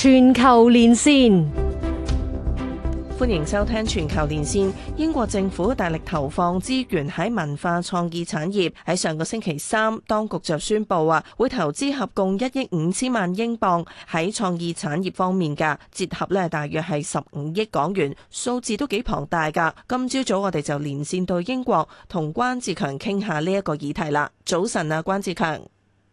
全球連線，歡迎收聽全球連線。英國政府大力投放資源喺文化創意產業。喺上個星期三，當局就宣布啊，會投資合共一億五千萬英鎊喺創意產業方面嘅，折合呢，大約係十五億港元，數字都幾龐大噶。今朝早，早我哋就連線到英國，同關志強傾下呢一個議題啦。早晨啊，關志強。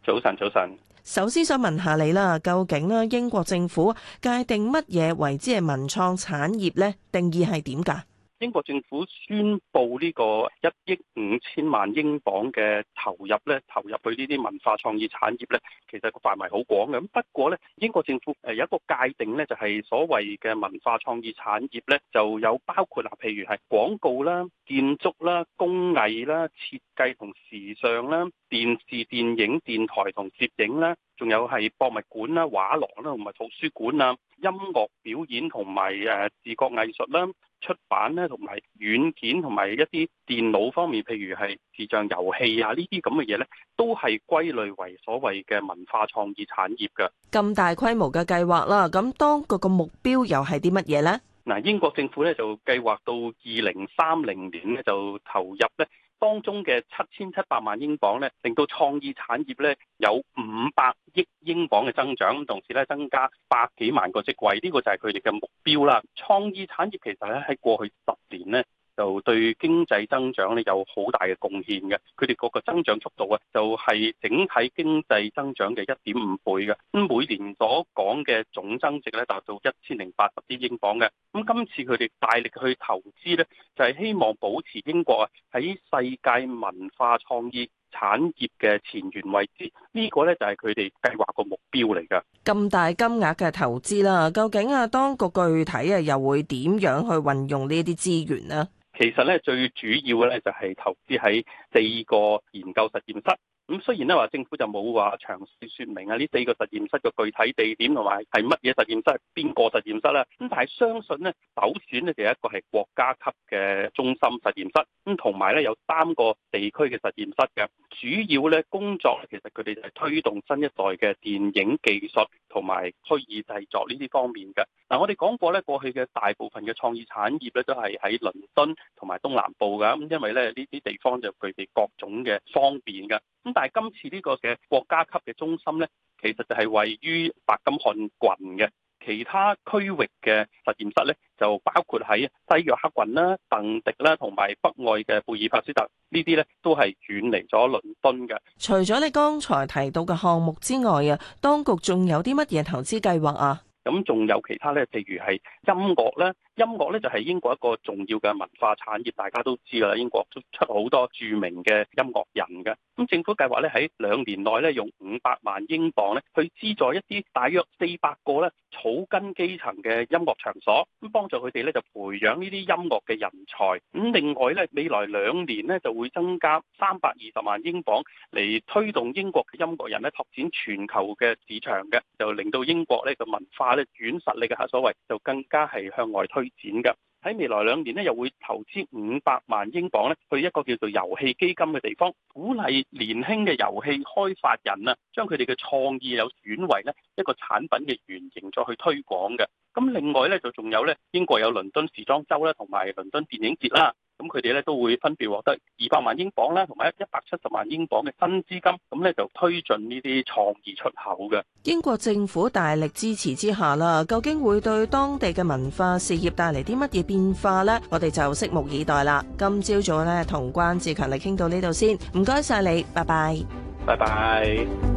早晨，早晨。首先想問下你啦，究竟咧英國政府界定乜嘢為之係文創產業咧？定義係點㗎？英國政府宣布呢個一億五千萬英鎊嘅投入咧，投入去呢啲文化創意產業咧，其實個範圍好廣嘅。咁不過咧，英國政府誒有一個界定咧，就係、是、所謂嘅文化創意產業咧，就有包括啊，譬如係廣告啦、建築啦、工藝啦、設計同時尚啦、電視、電影、電台同攝影啦，仲有係博物館啦、畫廊啦同埋圖書館啊、音樂表演同埋誒視覺藝術啦。出版咧，同埋軟件，同埋一啲電腦方面，譬如係視像遊戲啊呢啲咁嘅嘢呢，都係歸類為所謂嘅文化創意產業嘅。咁大規模嘅計劃啦，咁當局個目標又係啲乜嘢呢？嗱，英國政府咧就計劃到二零三零年咧，就投入咧。當中嘅七千七百萬英鎊咧，令到創意產業咧有五百億英鎊嘅增長，同時咧增加百幾萬個職位，呢、這個就係佢哋嘅目標啦。創意產業其實咧喺過去十年咧，就對經濟增長咧有好大嘅貢獻嘅，佢哋嗰個增長速度啊，就係整體經濟增長嘅一點五倍嘅。咁每年所講嘅總增值咧，達到一千零八十億英鎊嘅。咁今次佢哋大力去投資咧，就係希望保持英國啊喺世界文化創意產業嘅前沿位置。呢個咧就係佢哋計劃個目標嚟噶。咁大金額嘅投資啦，究竟啊當局具體啊又會點樣去運用呢啲資源呢？其實咧，最主要咧就係投資喺四個研究實驗室。咁雖然咧話政府就冇話詳細說明啊，呢四個實驗室嘅具體地點同埋係乜嘢實驗室、邊個實驗室咧？咁但係相信呢，首選呢，就一個係國家級嘅中心實驗室，咁同埋咧有三個地區嘅實驗室嘅，主要咧工作其實佢哋就係推動新一代嘅電影技術同埋虛擬製作呢啲方面嘅。嗱，我哋講過咧，過去嘅大部分嘅創意產業咧都係喺倫敦同埋東南部噶，咁因為咧呢啲地方就具備各種嘅方便噶。咁但係今次呢個嘅國家級嘅中心呢，其實就係位於白金漢郡嘅，其他區域嘅實驗室呢就包括喺西約克郡啦、啊、鄧迪啦、啊，同埋北愛嘅貝爾法斯特呢啲呢都係遠離咗倫敦嘅。除咗你剛才提到嘅項目之外啊，當局仲有啲乜嘢投資計劃啊？咁仲有其他呢？譬如係音樂咧。音樂咧就係英國一個重要嘅文化產業，大家都知㗎啦。英國都出好多著名嘅音樂人嘅。咁政府計劃咧喺兩年內咧用五百萬英鎊咧去資助一啲大約四百個咧草根基層嘅音樂場所，咁幫助佢哋咧就培養呢啲音樂嘅人才。咁另外咧未來兩年咧就會增加三百二十萬英鎊嚟推動英國嘅音樂人咧拓展全球嘅市場嘅，就令到英國呢個文化咧軟實力嘅嚇所謂就更加係向外推。發展噶，喺未來兩年咧，又會投資五百萬英鎊咧，去一個叫做遊戲基金嘅地方，鼓勵年輕嘅遊戲開發人啊，將佢哋嘅創意有轉為咧一個產品嘅原型再去推廣嘅。咁另外咧，就仲有咧，英國有倫敦時裝周咧，同埋倫敦電影節啦。咁佢哋咧都會分別獲得二百萬英鎊啦，同埋一百七十萬英鎊嘅新資金，咁咧就推進呢啲創意出口嘅。英國政府大力支持之下啦，究竟會對當地嘅文化事業帶嚟啲乜嘢變化呢？我哋就拭目以待啦。今朝早咧，同關志強嚟傾到呢度先，唔該晒你，拜拜，拜拜。